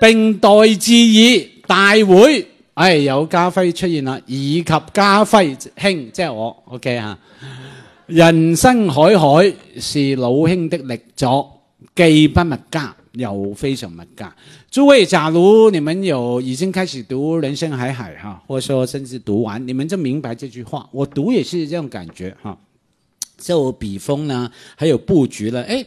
並代致以大會，哎，有家輝出現啦，以及家輝兄，即係我，OK 吓。人生海海是老兄的力作，既不麥家，又非常麥家。諸位假如你們有已經開始讀人生海海哈，或者說甚至讀完，你們就明白這句話。我讀也是這種感覺哈，就筆鋒啦，還有布局啦，哎。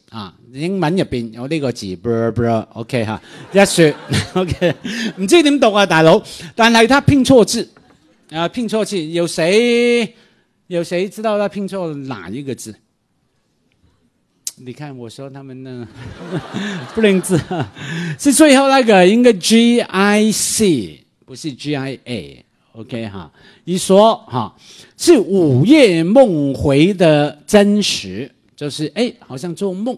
英文入邊有呢個字，bra bra，OK y 一 s OK，唔、huh? Yes, sure. okay. 知點讀啊，大佬。但係他拼錯字啊、呃，拼錯字。有誰有誰知道他拼錯了哪一個字？ 你看，我說他們呢， 不認字、啊，是最後那個應該 G I C，不是 G I A，OK 哈。一說哈，huh? 是《午夜夢回》的真實，就是誒、欸、好像做夢。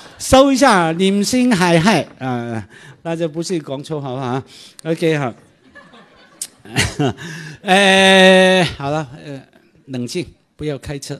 搜一下，人生海海，啊、呃，大家不是講粗口好唔好、okay, 好 o k 好。好了、呃，冷靜，不要開車。